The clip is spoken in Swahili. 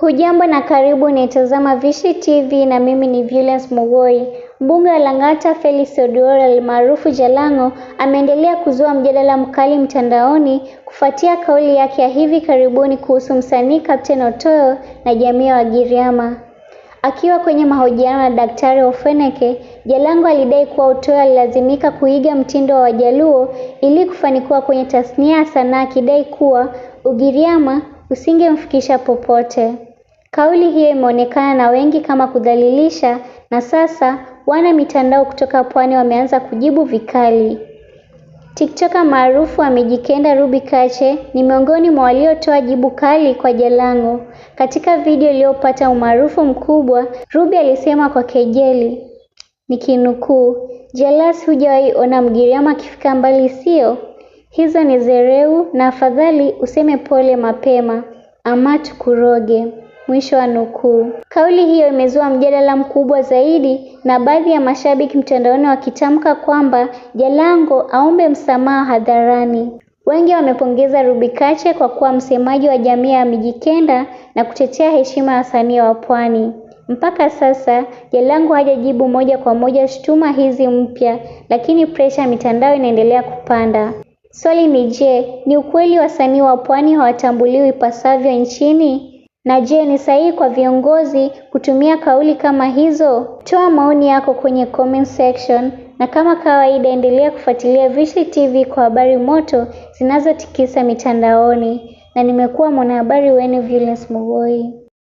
Hujambo na karibu unaitazama Veushly TV na mimi ni Violence mugoi Mbunge wa Lang'ata Felix Odiwuor almaarufu Jalang'o ameendelea kuzua mjadala mkali mtandaoni kufuatia kauli yake ya hivi karibuni kuhusu msanii Captain Otoyo na jamii ya Wagiriama. Akiwa kwenye mahojiano na Daktari Ofeneke, Jalang'o alidai kuwa Otoyo alilazimika kuiga mtindo wa Wajaluo ili kufanikiwa kwenye tasnia ya sanaa akidai kuwa Ugiriama usingemfikisha popote. Kauli hiyo imeonekana na wengi kama kudhalilisha na sasa wana mitandao kutoka pwani wameanza kujibu vikali. Tiktoka maarufu amejikenda Ruby Kache ni miongoni mwa waliotoa jibu kali kwa Jalango. Katika video iliyopata umaarufu mkubwa, Ruby alisema kwa kejeli, nikinukuu, jealous hujawahi ona Mgiriama akifika mbali, sio? Hizo ni zereu na afadhali useme pole mapema ama tukuroge. Mwisho wa nukuu. Kauli hiyo imezua mjadala mkubwa zaidi na baadhi ya mashabiki mtandaoni wakitamka kwamba Jalango aombe msamaha hadharani. Wengi wamepongeza Ruby kwa kuwa msemaji wa jamii ya Mijikenda na kutetea heshima ya wasanii wa Pwani. Mpaka sasa Jalango hajajibu moja kwa moja shutuma hizi mpya, lakini presha mitandao inaendelea kupanda. Swali ni je, ni ukweli wasanii wa Pwani hawatambuliwi ipasavyo nchini? Na je, ni sahihi kwa viongozi kutumia kauli kama hizo? Toa maoni yako kwenye comment section, na kama kawaida endelea kufuatilia Veushly TV kwa habari moto zinazotikisa mitandaoni, na nimekuwa mwanahabari wenu Violence Mugoi.